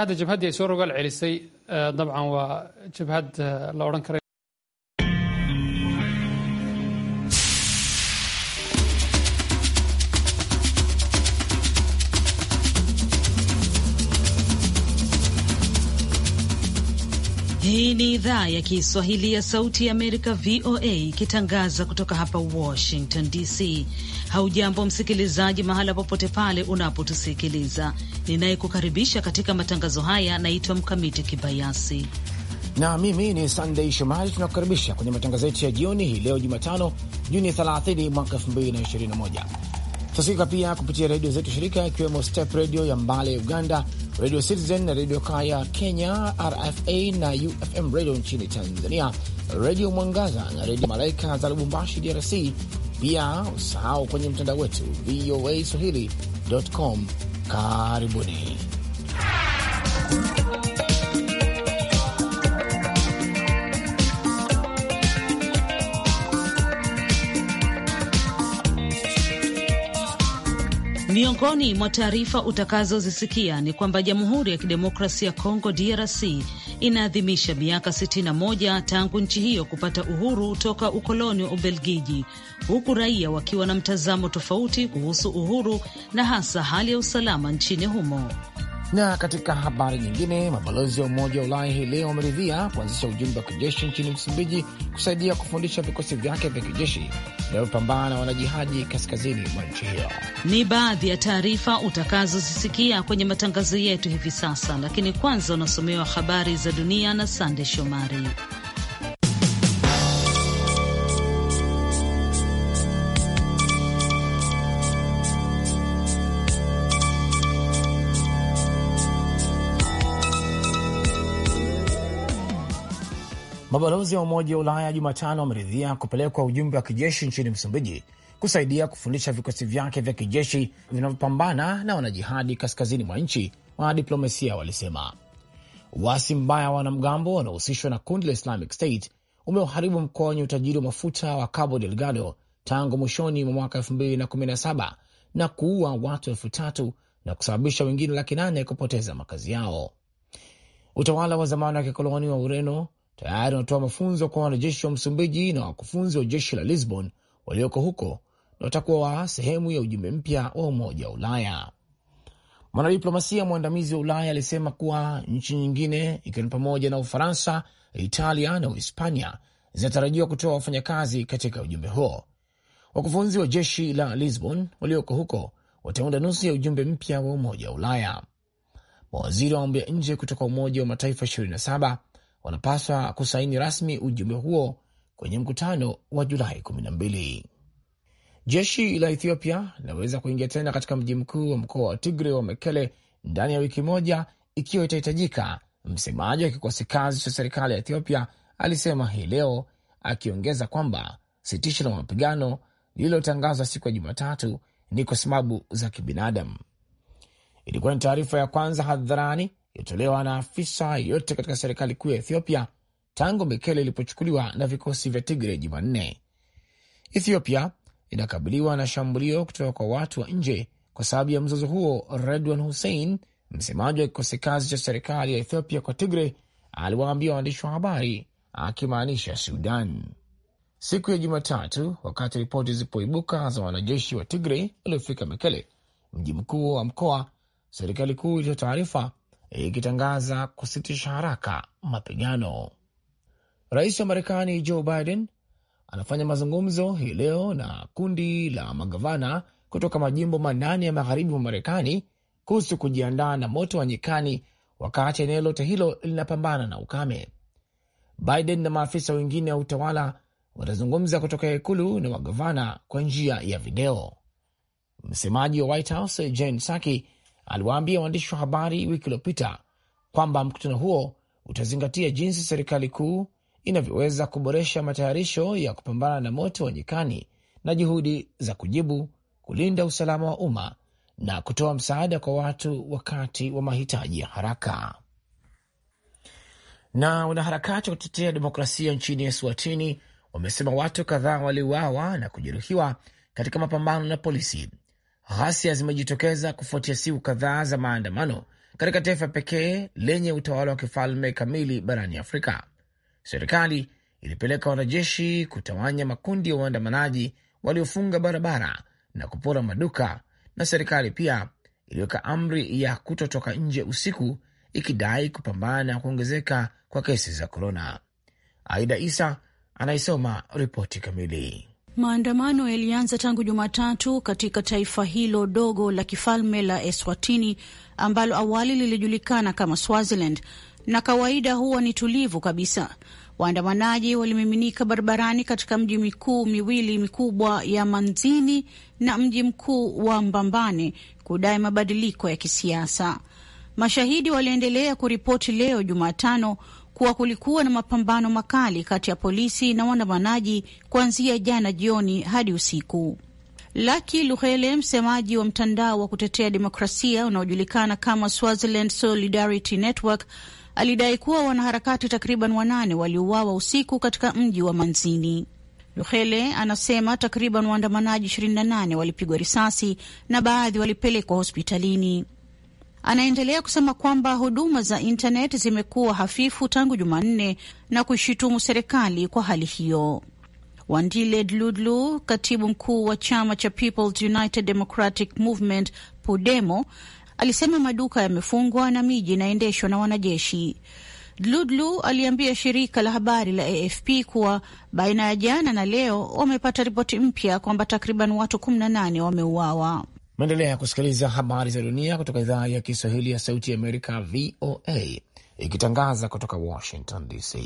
هذا jabhaddii ay soo rogaal celisay dabcan waa jabhad la odhan karay Hii ni idhaa ya Kiswahili ya Sauti ya Amerika, VOA, ikitangaza kutoka hapa Washington DC. Haujambo msikilizaji, mahala popote pale unapotusikiliza. Ninayekukaribisha katika matangazo haya naitwa Mkamiti Kibayasi na mimi ni sandey Shomari. Tunakukaribisha kwenye matangazo yetu ya jioni hii leo Jumatano, Juni 30 mwaka 2021. Tunasikika pia kupitia redio zetu shirika, ikiwemo Step redio ya Mbale Uganda, redio Citizen na redio Kaya Kenya, RFA na UFM redio nchini Tanzania, redio Mwangaza na redio Malaika za Lubumbashi DRC, pia usahau kwenye mtandao wetu VOA Swahili.com. Karibuni. Miongoni mwa taarifa utakazozisikia ni kwamba Jamhuri ya Kidemokrasia ya Kongo DRC inaadhimisha miaka 61 tangu nchi hiyo kupata uhuru toka ukoloni wa Ubelgiji, huku raia wakiwa na mtazamo tofauti kuhusu uhuru na hasa hali ya usalama nchini humo. Na katika habari nyingine, mabalozi wa Umoja wa Ulaya hii leo wameridhia kuanzisha ujumbe wa kijeshi nchini Msumbiji kusaidia kufundisha vikosi vyake vya kijeshi vinavyopambana na wanajihadi kaskazini mwa nchi hiyo. Ni baadhi ya taarifa utakazozisikia kwenye matangazo yetu hivi sasa, lakini kwanza unasomewa habari za dunia na Sande Shomari. Mabalozi wa Umoja wa Ulaya Jumatano wameridhia kupelekwa ujumbe wa kijeshi nchini Msumbiji kusaidia kufundisha vikosi vyake vya kijeshi vinavyopambana na wanajihadi kaskazini mwa nchi, wanadiplomasia walisema. Uasi mbaya wa wanamgambo wanaohusishwa na kundi la Islamic State umeuharibu mkoa wenye utajiri wa mafuta wa Cabo Delgado tangu mwishoni mwa mwaka 2017 na, na kuua watu elfu tatu na kusababisha wengine laki nane kupoteza makazi yao. Utawala wa zamani wa kikoloni wa Ureno tayari wanatoa mafunzo kwa wanajeshi wa Msumbiji na wakufunzi wa jeshi la Lisbon walioko huko na watakuwa sehemu ya ujumbe mpya wa Umoja wa Ulaya. Mwanadiplomasia mwandamizi wa Ulaya alisema kuwa nchi nyingine ikiwa ni pamoja na Ufaransa, Italia na Uhispania zinatarajiwa kutoa wafanyakazi katika ujumbe huo. Wakufunzi wa jeshi la Lisbon walioko huko wataunda nusu ya ujumbe mpya wa Umoja wa Ulaya. Mawaziri wa mambo ya nje kutoka Umoja wa Mataifa wanapaswa kusaini rasmi ujumbe huo kwenye mkutano wa Julai 12. Jeshi la Ethiopia linaweza kuingia tena katika mji mkuu wa mkoa wa Tigre wa Mekele ndani ya wiki moja ikiwa itahitajika, msemaji wa kikosi kazi cha serikali ya Ethiopia alisema hii leo, akiongeza kwamba sitisho la mapigano lililotangazwa siku ya Jumatatu ni kwa sababu za kibinadamu. Ilikuwa ni taarifa ya kwanza hadharani iliyotolewa na afisa yeyote katika serikali kuu ya Ethiopia tangu Mekele ilipochukuliwa na vikosi vya Tigre Jumanne. Ethiopia inakabiliwa na shambulio kutoka kwa watu wa nje kwa sababu ya mzozo huo. Redwan Hussein, msemaji wa kikosi kazi cha serikali ya Ethiopia kwa Tigre, aliwaambia waandishi wa habari akimaanisha Sudan siku ya Jumatatu, wakati ripoti zilipoibuka za wanajeshi wa Tigre waliofika Mekele, mji mkuu wa mkoa. Serikali kuu ilitoa taarifa ikitangaza kusitisha haraka mapigano. Rais wa Marekani Joe Biden anafanya mazungumzo hii leo na kundi la magavana kutoka majimbo manane ya magharibi mwa Marekani kuhusu kujiandaa na moto wa nyikani, wakati eneo lote hilo linapambana na ukame. Biden na maafisa wengine wa utawala watazungumza kutoka ikulu na magavana kwa njia ya video. Msemaji wa White House Jen Psaki aliwaambia waandishi wa habari wiki iliyopita kwamba mkutano huo utazingatia jinsi serikali kuu inavyoweza kuboresha matayarisho ya kupambana na moto wa nyikani na juhudi za kujibu, kulinda usalama wa umma na kutoa msaada kwa watu wakati wa mahitaji ya haraka. Na wanaharakati wa kutetea demokrasia nchini Eswatini wamesema watu kadhaa waliuawa na kujeruhiwa katika mapambano na polisi Ghasia zimejitokeza kufuatia siku kadhaa za maandamano katika taifa pekee lenye utawala wa kifalme kamili barani Afrika. Serikali ilipeleka wanajeshi kutawanya makundi ya wa waandamanaji waliofunga barabara na kupora maduka, na serikali pia iliweka amri ya kutotoka nje usiku ikidai kupambana na kuongezeka kwa kesi za korona. Aida Isa anaisoma ripoti kamili. Maandamano yalianza tangu Jumatatu katika taifa hilo dogo la kifalme la Eswatini ambalo awali lilijulikana kama Swaziland na kawaida huwa ni tulivu kabisa. Waandamanaji walimiminika barabarani katika mji mikuu miwili mikubwa ya Manzini na mji mkuu wa Mbambane kudai mabadiliko ya kisiasa. Mashahidi waliendelea kuripoti leo Jumatano kuwa kulikuwa na mapambano makali kati ya polisi na waandamanaji kuanzia jana jioni hadi usiku. Laki Luhele, msemaji wa mtandao wa kutetea demokrasia unaojulikana kama Swaziland Solidarity Network, alidai kuwa wanaharakati takriban wanane waliuawa usiku katika mji wa Manzini. Luhele anasema takriban waandamanaji 28 walipigwa risasi na baadhi walipelekwa hospitalini. Anaendelea kusema kwamba huduma za intaneti zimekuwa hafifu tangu Jumanne na kuishutumu serikali kwa hali hiyo. Wandile Dludlu, katibu mkuu wa chama cha People's United Democratic Movement PUDEMO, alisema maduka yamefungwa na miji inaendeshwa na wanajeshi. Dludlu aliambia shirika la habari la AFP kuwa baina ya jana na leo wamepata ripoti mpya kwamba takriban watu 18 wameuawa. Maendelea kusikiliza habari za dunia kutoka idhaa ya Kiswahili ya Sauti ya Amerika, VOA, ikitangaza kutoka Washington DC.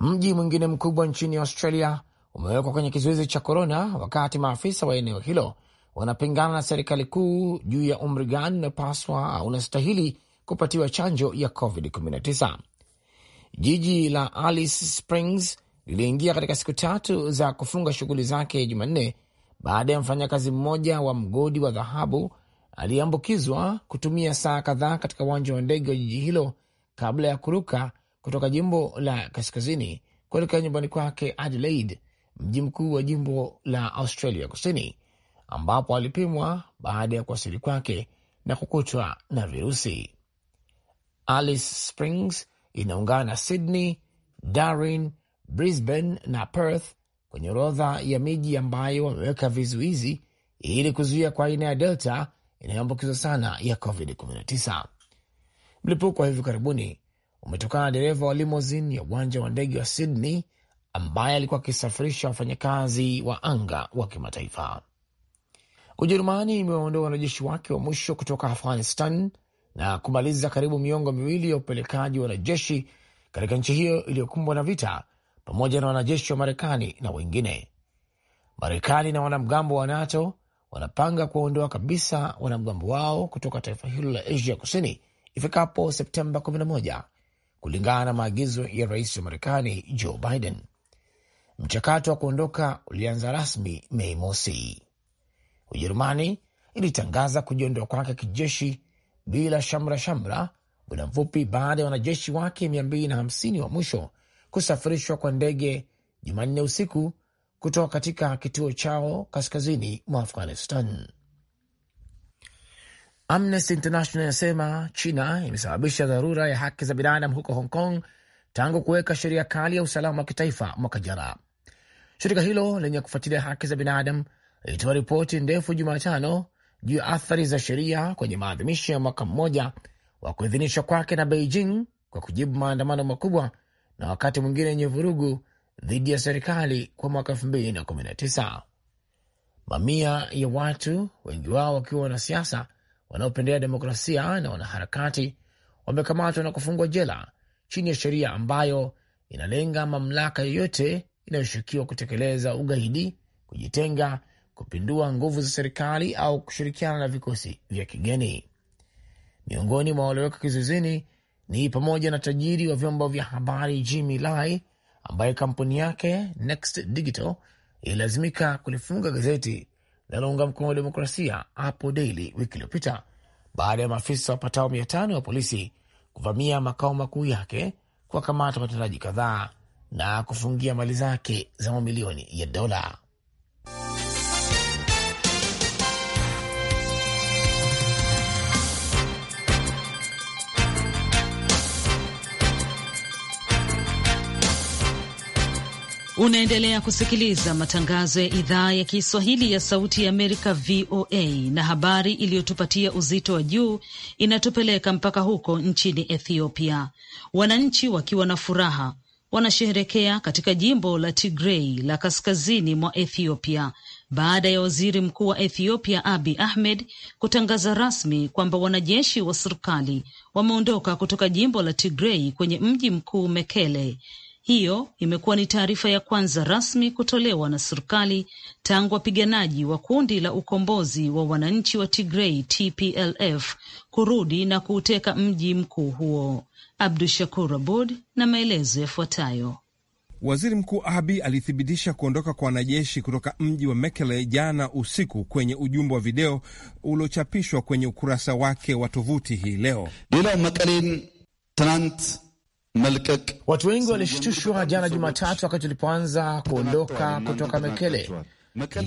Mji mwingine mkubwa nchini Australia umewekwa kwenye kizuizi cha korona, wakati maafisa wa eneo hilo wanapingana na serikali kuu juu ya umri gani unapaswa au unastahili kupatiwa chanjo ya COVID-19. Jiji la Alice Springs liliingia katika siku tatu za kufunga shughuli zake Jumanne baada ya mfanyakazi mmoja wa mgodi wa dhahabu aliyeambukizwa kutumia saa kadhaa katika uwanja wa ndege wa jiji hilo kabla ya kuruka kutoka jimbo la kaskazini kuelekea nyumbani kwake Adelaide, mji mkuu wa jimbo la Australia Kusini, ambapo alipimwa baada ya kuwasili kwake na kukutwa na virusi. Alice Springs inaungana na Sydney, Darwin, Brisbane na Perth kwenye orodha ya miji ambayo wameweka vizuizi ili kuzuia kwa aina ya Delta inayoambukizwa sana ya COVID-19. Mlipuko wa hivi karibuni umetokana na dereva wa limosin ya uwanja wa ndege wa Sydney ambaye alikuwa akisafirisha wafanyakazi wa anga wa kimataifa. Ujerumani imewaondoa wanajeshi wake wa mwisho kutoka Afghanistan na kumaliza karibu miongo miwili ya upelekaji wa wanajeshi katika nchi hiyo iliyokumbwa na vita pamoja na wanajeshi wa Marekani na wengine. Marekani na wanamgambo wa NATO wanapanga kuwaondoa kabisa wanamgambo wao kutoka taifa hilo la Asia Kusini ifikapo Septemba 11 kulingana na maagizo ya rais wa Marekani Joe Biden. Mchakato wa kuondoka ulianza rasmi Mei mosi. Ujerumani ilitangaza kujiondoa kwake kijeshi bila shamra shamra muda mfupi baada ya wanajeshi wake 250 wa mwisho kusafirishwa kwa ndege Jumanne usiku kutoka katika kituo chao kaskazini mwa Afghanistan. Amnesty International inasema China imesababisha dharura ya haki za binadamu huko Hong Kong tangu kuweka sheria kali ya usalama wa kitaifa mwaka jana. Shirika hilo lenye kufuatilia haki za binadamu lilitoa ripoti ndefu Jumatano juu ya athari za sheria kwenye maadhimisho ya mwaka mmoja wa kuidhinishwa kwake na Beijing kwa kujibu maandamano makubwa na wakati mwingine yenye vurugu dhidi ya serikali kwa mwaka tisa. Mamia ya watu, wengi wao wakiwa wanasiasa wanaopendea demokrasia na wanaharakati, wamekamatwa na kufungwa jela chini ya sheria ambayo inalenga mamlaka yoyote inayoshukiwa kutekeleza ugaidi, kujitenga, kupindua nguvu za serikali au kushirikiana na vikosi vya kigeni. Miongoni mwa walioweka kizuizini ni pamoja na tajiri wa vyombo vya habari Jimmy Lai ambaye kampuni yake Next Digital ililazimika kulifunga gazeti linalounga mkono wa demokrasia hapo Daily wiki iliyopita baada ya maafisa wapatao mia tano wa polisi kuvamia makao makuu yake kuwakamata watendaji kadhaa na kufungia mali zake za mamilioni ya dola. Unaendelea kusikiliza matangazo ya idhaa ya Kiswahili ya Sauti ya Amerika, VOA, na habari iliyotupatia uzito wa juu inatupeleka mpaka huko nchini Ethiopia. Wananchi wakiwa na furaha wanasheherekea katika jimbo la Tigrei la kaskazini mwa Ethiopia baada ya waziri mkuu wa Ethiopia Abi Ahmed kutangaza rasmi kwamba wanajeshi wa serikali wameondoka kutoka jimbo la Tigrei kwenye mji mkuu Mekele hiyo imekuwa ni taarifa ya kwanza rasmi kutolewa na serikali tangu wapiganaji wa kundi la ukombozi wa wananchi wa Tigrei TPLF kurudi na kuuteka mji mkuu huo. Abdu Shakur Abud na maelezo yafuatayo. Waziri Mkuu Abi alithibitisha kuondoka kwa wanajeshi kutoka mji wa Mekele jana usiku kwenye ujumbe wa video uliochapishwa kwenye ukurasa wake wa tovuti hii leo. Watu wengi walishtushwa jana Jumatatu wakati tulipoanza kuondoka kutoka Mekele.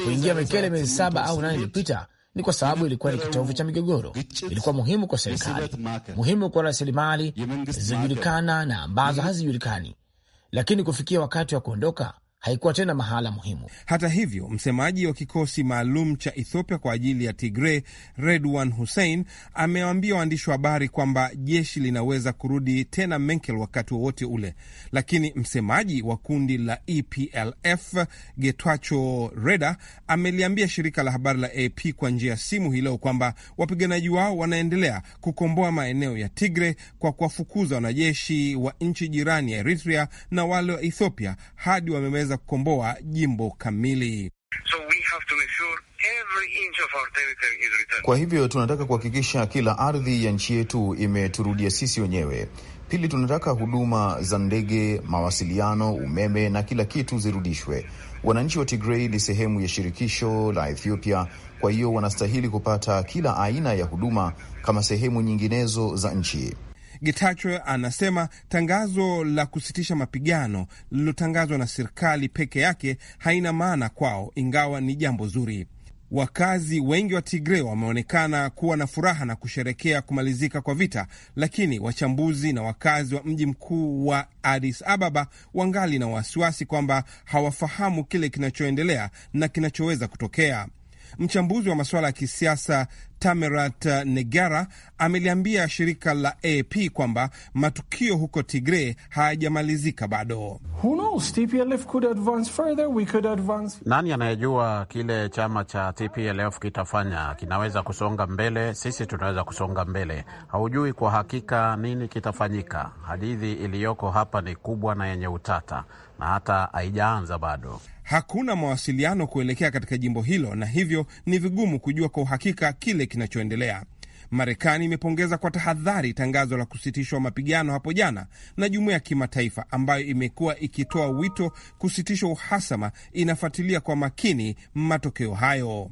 Kuingia Mekele miezi saba au nane iliyopita ni kwa sababu ilikuwa ni kitovu cha migogoro, ilikuwa muhimu kwa serikali, muhimu kwa rasilimali zilizojulikana na ambazo hazijulikani. Lakini kufikia wakati wa kuondoka, haikuwa tena mahala muhimu. Hata hivyo, msemaji wa kikosi maalum cha Ethiopia kwa ajili ya Tigre, Redwan Hussein, amewaambia waandishi wa habari kwamba jeshi linaweza kurudi tena Menkel wakati wowote ule, lakini msemaji wa kundi la EPLF Getwacho Reda ameliambia shirika la habari la AP kwa njia ya simu hii leo kwamba wapiganaji wao wanaendelea kukomboa maeneo ya Tigre kwa kuwafukuza wanajeshi wa nchi jirani ya Eritrea na wale wa Ethiopia hadi wameweza kuweza kukomboa jimbo kamili. So we have to make sure every inch of our territory is returned. Kwa hivyo tunataka kuhakikisha kila ardhi ya nchi yetu imeturudia sisi wenyewe. Pili, tunataka huduma za ndege, mawasiliano, umeme na kila kitu zirudishwe. Wananchi wa Tigrei ni sehemu ya shirikisho la Ethiopia, kwa hiyo wanastahili kupata kila aina ya huduma kama sehemu nyinginezo za nchi. Getachew anasema tangazo la kusitisha mapigano lililotangazwa na serikali peke yake haina maana kwao, ingawa ni jambo zuri. Wakazi wengi wa tigre wameonekana kuwa na furaha na kusherekea kumalizika kwa vita, lakini wachambuzi na wakazi wa mji mkuu wa Addis Ababa wangali na wasiwasi kwamba hawafahamu kile kinachoendelea na kinachoweza kutokea. Mchambuzi wa masuala ya kisiasa Tamerat uh, Negara ameliambia shirika la AP kwamba matukio huko Tigre hayajamalizika bado. Nani anayejua kile chama cha TPLF kitafanya? Kinaweza kusonga mbele, sisi tunaweza kusonga mbele. Haujui kwa hakika nini kitafanyika. Hadithi iliyoko hapa ni kubwa na yenye utata, na hata haijaanza bado hakuna mawasiliano kuelekea katika jimbo hilo, na hivyo ni vigumu kujua kwa uhakika kile kinachoendelea. Marekani imepongeza kwa tahadhari tangazo la kusitishwa mapigano hapo jana na jumuiya ya kimataifa ambayo imekuwa ikitoa wito kusitishwa uhasama, inafuatilia kwa makini matokeo hayo.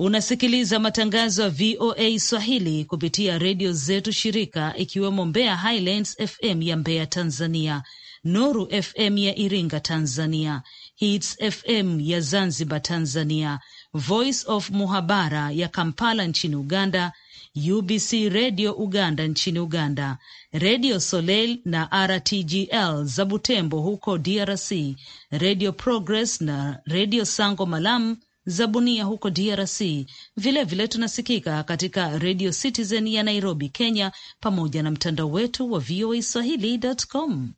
Unasikiliza matangazo ya VOA Swahili kupitia redio zetu shirika, ikiwemo Mbeya Highlands FM ya Mbeya Tanzania, Nuru FM ya Iringa Tanzania, Hits FM ya Zanzibar Tanzania, Voice of Muhabara ya Kampala nchini Uganda, UBC Redio Uganda nchini Uganda, Redio Soleil na RTGL za Butembo huko DRC, Redio Progress na Redio Sango Malamu za Bunia huko DRC. Vilevile vile tunasikika katika Radio Citizen ya Nairobi, Kenya, pamoja na mtandao wetu wa VOA Swahili.com.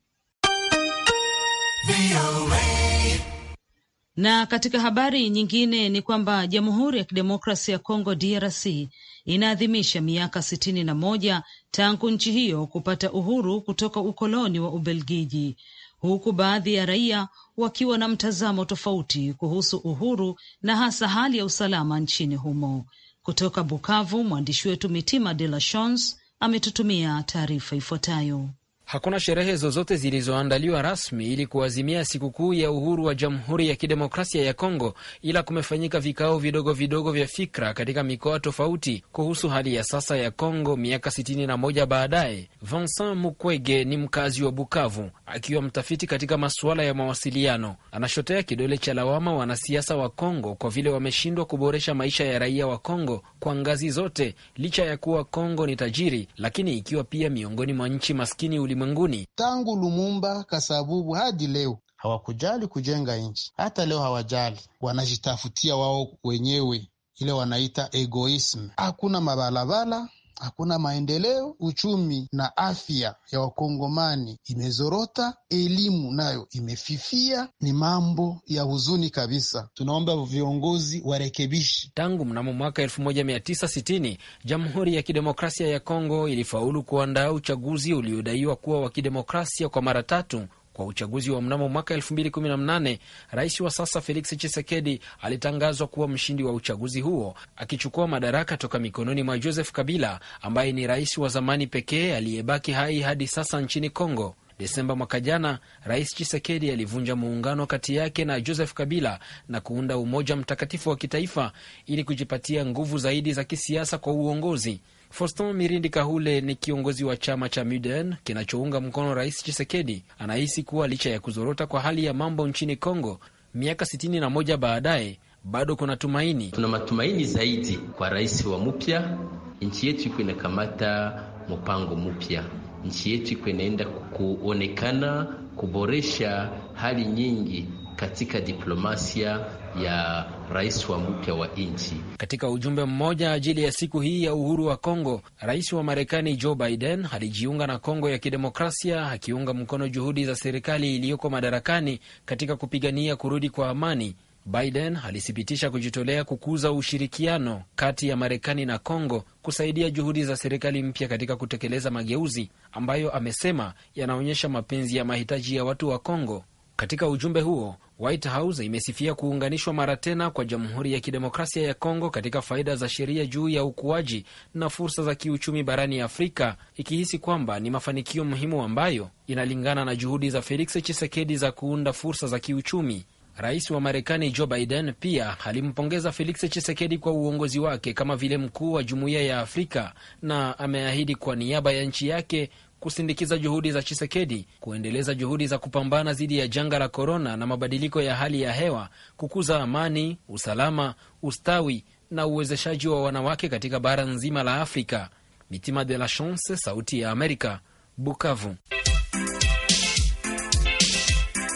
Na katika habari nyingine ni kwamba Jamhuri ya Kidemokrasia ya Kongo DRC inaadhimisha miaka sitini na moja tangu nchi hiyo kupata uhuru kutoka ukoloni wa Ubelgiji huku baadhi ya raia wakiwa na mtazamo tofauti kuhusu uhuru na hasa hali ya usalama nchini humo. Kutoka Bukavu, mwandishi wetu Mitima De La Shans ametutumia taarifa ifuatayo hakuna sherehe zozote zilizoandaliwa rasmi ili kuazimia sikukuu ya uhuru wa Jamhuri ya Kidemokrasia ya Kongo, ila kumefanyika vikao vidogo vidogo vya fikra katika mikoa tofauti kuhusu hali ya sasa ya Kongo miaka 61 baadaye. Vincent Mukwege ni mkazi wa Bukavu, akiwa mtafiti katika masuala ya mawasiliano, anashotea kidole cha lawama wanasiasa wa Kongo kwa vile wameshindwa kuboresha maisha ya raia wa Kongo kwa ngazi zote, licha ya kuwa Kongo ni tajiri, lakini ikiwa pia miongoni mwa nchi maskini ulimwenguni. Tangu Lumumba, kasabubu hadi leo hawakujali kujenga nchi, hata leo hawajali, wanajitafutia wao wenyewe, ile wanaita egoism. Hakuna mabalabala hakuna maendeleo, uchumi na afya ya wakongomani imezorota, elimu nayo imefifia. Ni mambo ya huzuni kabisa, tunaomba viongozi warekebishi. Tangu mnamo mwaka 1960 Jamhuri ya Kidemokrasia ya Kongo ilifaulu kuandaa uchaguzi uliodaiwa kuwa wa kidemokrasia kwa mara tatu kwa uchaguzi wa mnamo mwaka 2018 rais wa sasa Felix Chisekedi alitangazwa kuwa mshindi wa uchaguzi huo, akichukua madaraka toka mikononi mwa Joseph Kabila ambaye ni rais wa zamani pekee aliyebaki hai hadi sasa nchini Kongo. Desemba mwaka jana, rais Chisekedi alivunja muungano kati yake na Joseph Kabila na kuunda Umoja Mtakatifu wa Kitaifa ili kujipatia nguvu zaidi za kisiasa kwa uongozi. Foston Mirindi Kahule ni kiongozi wa chama cha MUDEN kinachounga mkono Rais Chisekedi. Anahisi kuwa licha ya kuzorota kwa hali ya mambo nchini Kongo miaka sitini na moja baadaye bado kuna tumaini. Tuna matumaini zaidi kwa rais wa mpya. Nchi yetu iko inakamata mpango mpya, nchi yetu iko inaenda kuonekana kuboresha hali nyingi katika diplomasia ya rais wa mpya wa nchi. Katika ujumbe mmoja ajili ya siku hii ya uhuru wa Kongo, rais wa Marekani Joe Biden alijiunga na Kongo ya Kidemokrasia akiunga mkono juhudi za serikali iliyoko madarakani katika kupigania kurudi kwa amani. Biden alithibitisha kujitolea kukuza ushirikiano kati ya Marekani na Kongo kusaidia juhudi za serikali mpya katika kutekeleza mageuzi ambayo amesema yanaonyesha mapenzi ya mahitaji ya watu wa Kongo. Katika ujumbe huo White House imesifia kuunganishwa mara tena kwa Jamhuri ya Kidemokrasia ya Kongo katika faida za sheria juu ya ukuaji na fursa za kiuchumi barani Afrika, ikihisi kwamba ni mafanikio muhimu ambayo inalingana na juhudi za Felix Tshisekedi za kuunda fursa za kiuchumi. Rais wa Marekani Joe Biden pia alimpongeza Felix Tshisekedi kwa uongozi wake kama vile mkuu wa Jumuiya ya Afrika na ameahidi kwa niaba ya nchi yake kusindikiza juhudi za Chisekedi kuendeleza juhudi za kupambana dhidi ya janga la korona na mabadiliko ya hali ya hewa, kukuza amani, usalama, ustawi na uwezeshaji wa wanawake katika bara nzima la Afrika. Mitima de la Chance, Sauti ya Amerika, Bukavu.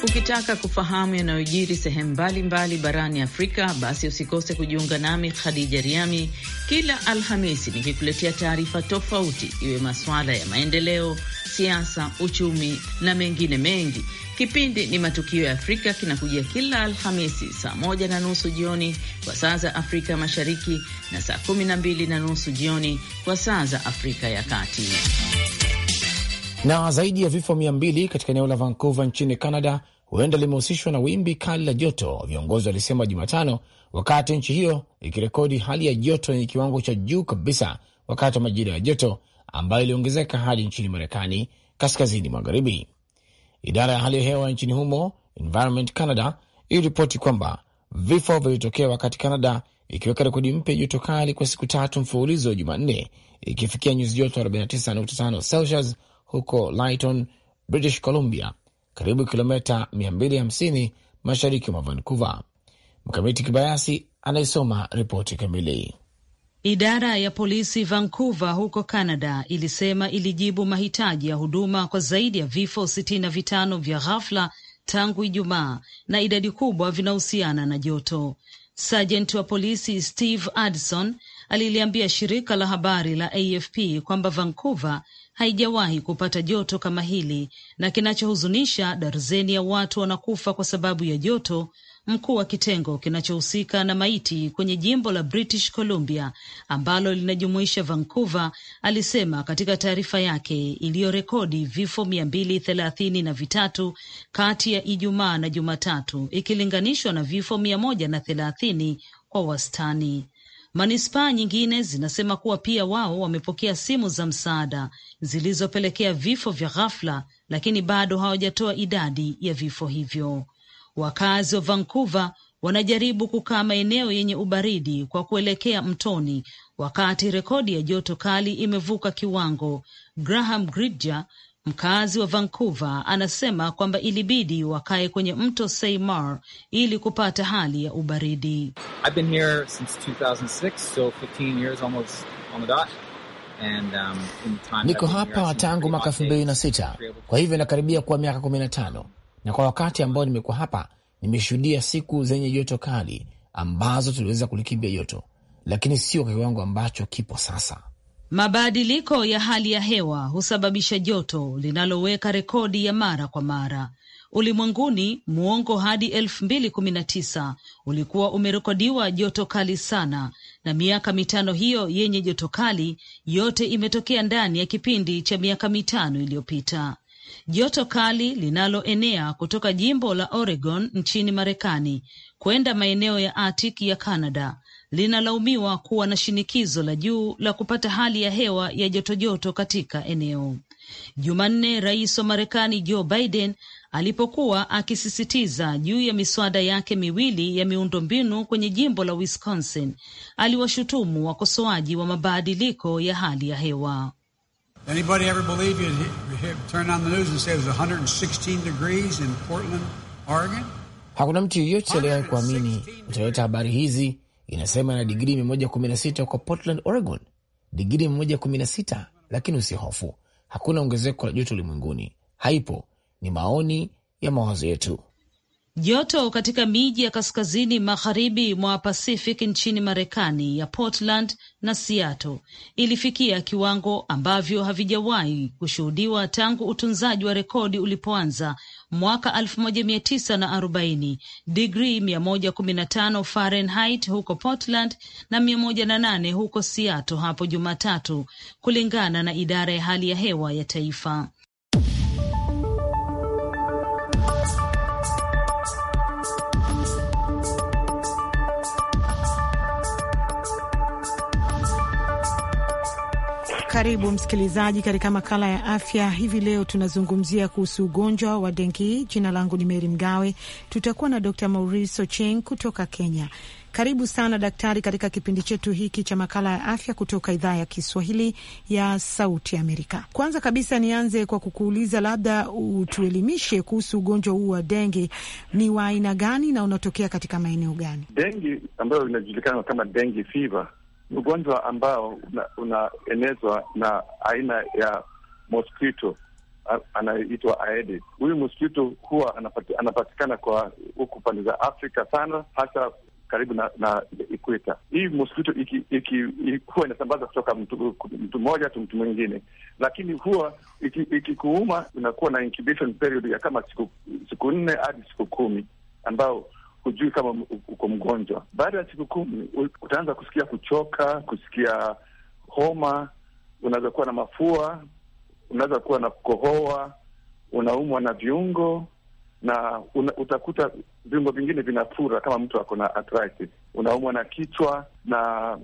Ukitaka kufahamu yanayojiri sehemu mbalimbali barani Afrika, basi usikose kujiunga nami Khadija Riami kila Alhamisi nikikuletea taarifa tofauti, iwe masuala ya maendeleo, siasa, uchumi na mengine mengi. Kipindi ni Matukio ya Afrika kinakujia kila Alhamisi saa moja na nusu jioni kwa saa za Afrika Mashariki na saa kumi na mbili na nusu jioni kwa saa za Afrika ya Kati. Na zaidi ya vifo mia mbili katika eneo la Vancouver nchini Canada huenda limehusishwa na wimbi kali la joto, viongozi walisema Jumatano, wakati nchi hiyo ikirekodi hali ya joto yenye kiwango cha juu kabisa wakati wa majira ya joto ambayo iliongezeka hadi nchini Marekani kaskazini magharibi. Idara ya hali ya hewa nchini humo Environment Canada iliripoti kwamba vifo vilitokea wakati Canada ikiweka rekodi mpya ya joto kali kwa siku tatu mfululizo Jumanne, ikifikia nyuzi joto 49.5 Celsius huko Lytton, British Columbia karibu kilomita 250 mashariki mwa Vancouver. Mkamiti Kibayasi anaisoma ripoti kamili. Idara ya polisi Vancouver huko Canada ilisema ilijibu mahitaji ya huduma kwa zaidi ya vifo sitini na vitano vya ghafla tangu Ijumaa, na idadi kubwa vinahusiana na joto. Sajenti wa polisi Steve Addison aliliambia shirika la habari la AFP kwamba Vancouver haijawahi kupata joto kama hili, na kinachohuzunisha, darzeni ya watu wanakufa kwa sababu ya joto. Mkuu wa kitengo kinachohusika na maiti kwenye jimbo la British Columbia ambalo linajumuisha Vancouver alisema katika taarifa yake iliyorekodi vifo mia mbili thelathini na vitatu kati ya Ijumaa na Jumatatu ikilinganishwa na vifo mia moja na thelathini kwa wastani. Manispaa nyingine zinasema kuwa pia wao wamepokea simu za msaada zilizopelekea vifo vya ghafla, lakini bado hawajatoa idadi ya vifo hivyo. Wakazi wa Vancouver wanajaribu kukaa maeneo yenye ubaridi kwa kuelekea mtoni wakati rekodi ya joto kali imevuka kiwango. Graham Gridger Mkazi wa Vancouver anasema kwamba ilibidi wakae kwenye mto Seymour ili kupata hali ya ubaridi. Niko hapa tangu mwaka elfu mbili na sita, kwa hivyo inakaribia kuwa miaka kumi na tano, na kwa wakati ambao nimekuwa hapa nimeshuhudia siku zenye joto kali ambazo tuliweza kulikimbia joto, lakini sio kwa kiwango ambacho kipo sasa. Mabadiliko ya hali ya hewa husababisha joto linaloweka rekodi ya mara kwa mara ulimwenguni. Muongo hadi elfu mbili kumi na tisa ulikuwa umerekodiwa joto kali sana, na miaka mitano hiyo yenye joto kali yote imetokea ndani ya kipindi cha miaka mitano iliyopita. Joto kali linaloenea kutoka jimbo la Oregon nchini Marekani kwenda maeneo ya Arctic ya Canada linalaumiwa kuwa na shinikizo la juu la kupata hali ya hewa ya jotojoto katika eneo. Jumanne, rais wa Marekani Joe Biden alipokuwa akisisitiza juu ya miswada yake miwili ya miundombinu kwenye jimbo la Wisconsin, aliwashutumu wakosoaji wa mabadiliko ya hali ya hewa. Hakuna mtu yeyote aliyewahi kuamini utaleta habari hizi inasema na digrii 116 kwa Portland, Oregon, digrii 116. Lakini usihofu, hakuna ongezeko la joto ulimwenguni, haipo. Ni maoni ya mawazo yetu. Joto katika miji ya kaskazini magharibi mwa Pacific nchini Marekani ya Portland na Seattle ilifikia kiwango ambavyo havijawahi kushuhudiwa tangu utunzaji wa rekodi ulipoanza mwaka 1940 digrii 115 Fahrenheit huko Portland na 108 huko Seattle hapo Jumatatu, kulingana na idara ya hali ya hewa ya taifa. Karibu msikilizaji katika makala ya afya hivi leo. Tunazungumzia kuhusu ugonjwa wa dengi. Jina langu ni Meri Mgawe. Tutakuwa na Dr Maurice Ocheng kutoka Kenya. Karibu sana daktari, katika kipindi chetu hiki cha makala ya afya kutoka idhaa ya Kiswahili ya Sauti Amerika. Kwanza kabisa, nianze kwa kukuuliza, labda utuelimishe kuhusu ugonjwa huu wa dengi, ni wa aina gani na unatokea katika maeneo gani? Dengi ambayo inajulikana kama dengi fiva ugonjwa ambao unaenezwa una na aina ya mosquito anayeitwa Aedes. Huyu mosquito huwa anapati, anapatikana kwa huku pande za Afrika sana, hasa karibu na, na ikweta. Hii mosquito ikikuwa iki, huwa inasambaza kutoka mtu, mtu mmoja tu mtu mwingine, lakini huwa ikikuuma iki inakuwa na incubation period ya kama siku siku nne hadi siku kumi ambao hujui kama uko mgonjwa. Baada ya siku kumi utaanza kusikia kuchoka, kusikia homa, unaweza kuwa na mafua, unaweza kuwa na kukohoa, unaumwa na viungo na una, utakuta viungo vingine vinafura kama mtu ako na arthritis, unaumwa na kichwa, na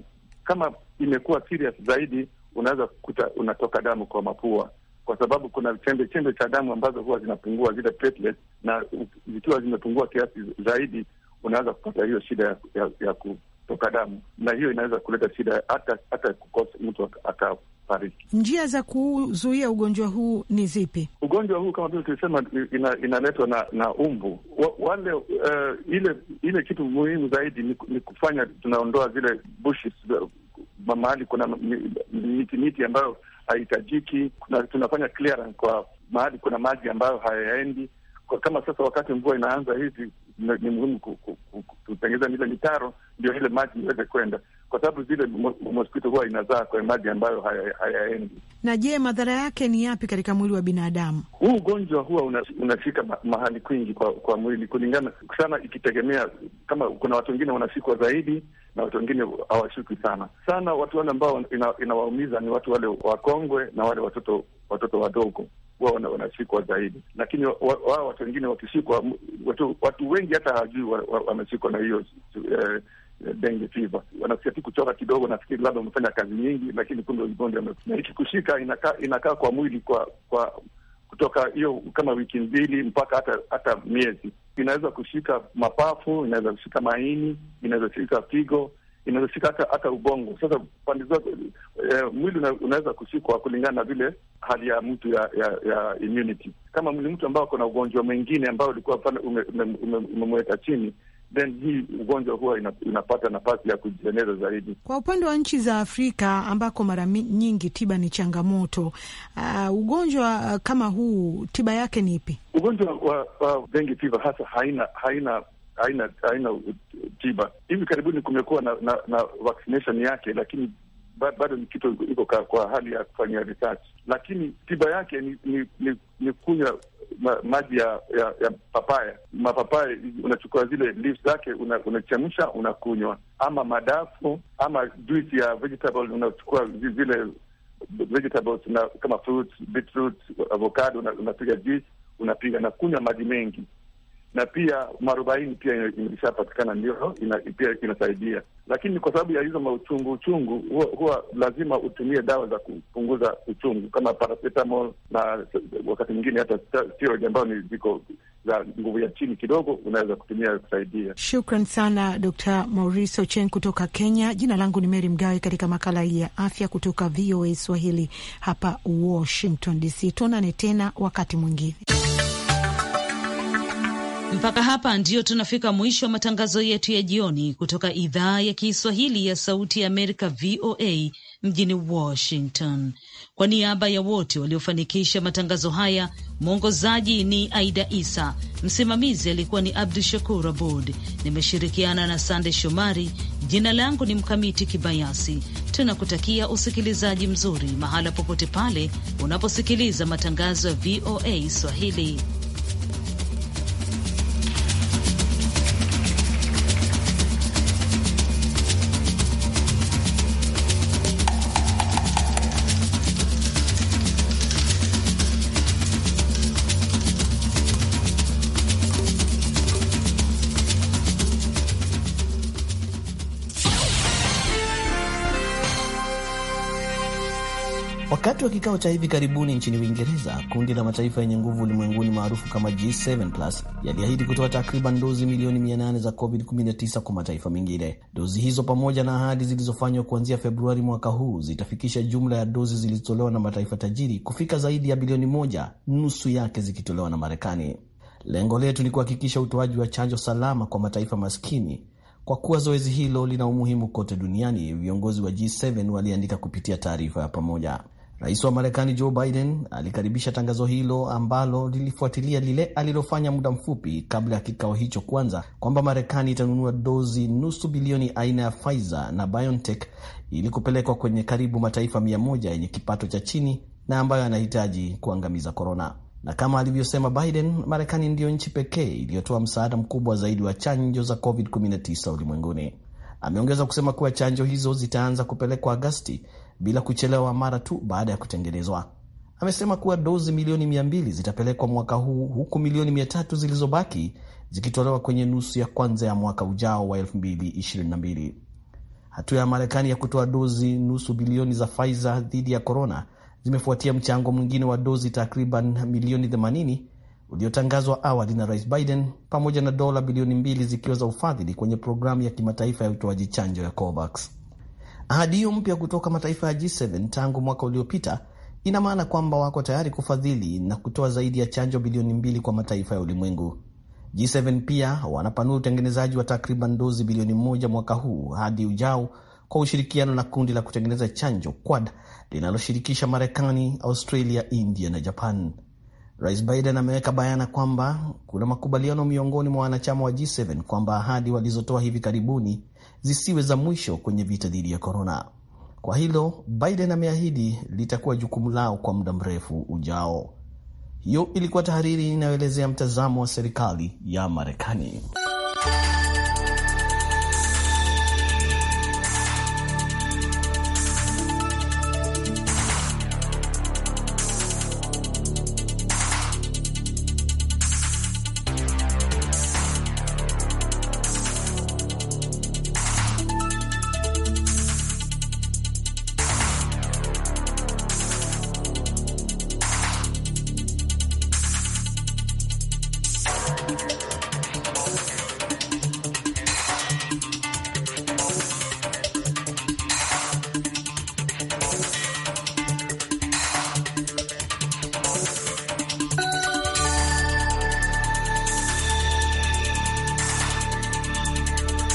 kama imekuwa serious zaidi unaweza kukuta unatoka damu kwa mapua kwa sababu kuna chembe chembe cha damu ambazo huwa zinapungua zile na zikiwa zimepungua kiasi zaidi, unaweza kupata hiyo shida ya, ya, ya kutoka damu, na hiyo inaweza kuleta shida hata hata kukosa mtu akafariki Njia za kuzuia ugonjwa huu ni zipi? Ugonjwa huu kama vile tulisema, ina, inaletwa na na umbu wale uh, ile ile kitu muhimu zaidi ni, ni kufanya tunaondoa zile bushes mahali kuna miti miti ambayo haihitajiki. Tunafanya clearance kwa mahali kuna maji ambayo hayaendi kwa, kama sasa wakati mvua inaanza hivi ni muhimu kutengeneza ile mitaro, ndio ile maji iweze kwenda, kwa sababu zile moskito huwa inazaa kwa maji ambayo hayaendi. Na je, madhara yake ni yapi katika mwili wa binadamu? Huu ugonjwa huwa unafika ma mahali kwingi kwa, kwa mwili kulingana sana, ikitegemea kama kuna watu wengine wanafikwa zaidi na watu wengine hawashuki sana sana. Watu wale ambao inawaumiza ni watu wale wakongwe na wale watoto watoto wadogo huwa wanashikwa zaidi, lakini wao wa, wa, watu wengine wakishikwa, watu, watu wengi hata hawajui wameshikwa wa, wa na hiyo eh, eh dengue fiva Wanasikia tu kuchoka kidogo, nafikiri labda wamefanya kazi nyingi, lakini kumbe ugonjwa na ikikushika inakaa inakaa kwa mwili kwa kwa kutoka hiyo kama wiki mbili mpaka hata hata miezi inaweza kushika mapafu, inaweza kushika maini, inaweza kushika figo, inaweza kushika hata hata ubongo. Sasa pande zote eh, mwili unaweza kushikwa kulingana na vile hali ya mtu ya ya, ya immunity. Kama ni mtu ambao ako na ugonjwa mwingine ambao ulikuwa umemweka ume, ume, ume chini then hii ugonjwa huwa inapata nafasi ya kujieneza zaidi. Kwa upande wa nchi za Afrika ambako mara nyingi tiba ni changamoto, uh, ugonjwa uh, kama huu tiba yake ni ipi? Ugonjwa wa, wa dengue fever hasa haina haina haina haina tiba. Hivi karibuni kumekuwa na, na, na vaccination yake, lakini bado ni kitu iko kwa hali ya kufanya research, lakini tiba yake ni, ni, ni, ni kunywa ma, maji ya, ya, ya papaya mapapaya, unachukua zile leaves zake unachemsha una unakunywa, ama madafu ama juisi ya vegetable, unachukua zile vegetables na kama fruits, beetroot, avocado, unapiga juice unapiga na kunywa maji mengi na pia marubaini pia imeshapatikana, ndio ina, pia inasaidia, lakini kwa sababu ya hizo mauchungu uchungu huwa, huwa lazima utumie dawa za kupunguza uchungu kama paracetamol na wakati mwingine hata steroid ambayo ni ziko za nguvu ya chini kidogo, unaweza kutumia kusaidia. Shukran sana Dr. Maurice Ochen kutoka Kenya. Jina langu ni Mary Mgawe katika makala hii ya afya kutoka VOA Swahili hapa Washington DC. Tuonane tena wakati mwingine. Mpaka hapa ndiyo tunafika mwisho wa matangazo yetu ya jioni kutoka idhaa ya Kiswahili ya Sauti ya Amerika, VOA mjini Washington. Kwa niaba ya wote waliofanikisha matangazo haya, mwongozaji ni Aida Isa, msimamizi alikuwa ni Abdu Shakur Abud, nimeshirikiana na Sande Shomari. Jina langu ni Mkamiti Kibayasi. Tunakutakia usikilizaji mzuri mahala popote pale unaposikiliza matangazo ya VOA Swahili. kikao cha hivi karibuni nchini Uingereza, kundi la mataifa yenye nguvu ulimwenguni maarufu kama G7 plus yaliahidi kutoa takriban dozi milioni 800 za COVID-19 kwa mataifa mengine. Dozi hizo pamoja na ahadi zilizofanywa kuanzia Februari mwaka huu zitafikisha jumla ya dozi zilizotolewa na mataifa tajiri kufika zaidi ya bilioni moja, nusu yake zikitolewa na Marekani. Lengo letu ni kuhakikisha utoaji wa chanjo salama kwa mataifa maskini kwa kuwa zoezi hilo lina umuhimu kote duniani, viongozi wa G7 waliandika kupitia taarifa ya pamoja. Rais wa Marekani Joe Biden alikaribisha tangazo hilo ambalo lilifuatilia lile alilofanya muda mfupi kabla ya kikao hicho kuanza, kwamba Marekani itanunua dozi nusu bilioni aina ya Pfizer na BioNTech ili kupelekwa kwenye karibu mataifa mia moja yenye kipato cha chini na ambayo yanahitaji kuangamiza korona. Na kama alivyosema Biden, Marekani ndiyo nchi pekee iliyotoa msaada mkubwa zaidi wa chanjo za COVID-19 ulimwenguni. Ameongeza kusema kuwa chanjo hizo zitaanza kupelekwa Agasti bila kuchelewa mara tu baada ya kutengenezwa. Amesema kuwa dozi milioni mia mbili zitapelekwa mwaka huu huku milioni mia tatu zilizobaki zikitolewa kwenye nusu ya kwanza ya mwaka ujao wa 2022. Hatua ya Marekani ya kutoa dozi nusu bilioni za Pfizer dhidi ya korona zimefuatia mchango mwingine wa dozi takriban milioni 80 uliotangazwa awali na Rais Biden pamoja na dola bilioni mbili zikiwa za ufadhili kwenye programu ya kimataifa ya utoaji chanjo ya COVAX. Ahadi hiyo mpya kutoka mataifa ya G7 tangu mwaka uliopita ina maana kwamba wako tayari kufadhili na kutoa zaidi ya chanjo bilioni mbili kwa mataifa ya ulimwengu. G7 pia wanapanua utengenezaji wa takriban dozi bilioni moja mwaka huu hadi ujao kwa ushirikiano na kundi la kutengeneza chanjo Quad linaloshirikisha Marekani, Australia, India na Japan. Rais Biden ameweka bayana kwamba kuna makubaliano miongoni mwa wanachama wa G7 kwamba ahadi walizotoa hivi karibuni zisiwe za mwisho kwenye vita dhidi ya korona. Kwa hilo Biden ameahidi litakuwa jukumu lao kwa muda mrefu ujao. Hiyo ilikuwa tahariri inayoelezea mtazamo wa serikali ya Marekani.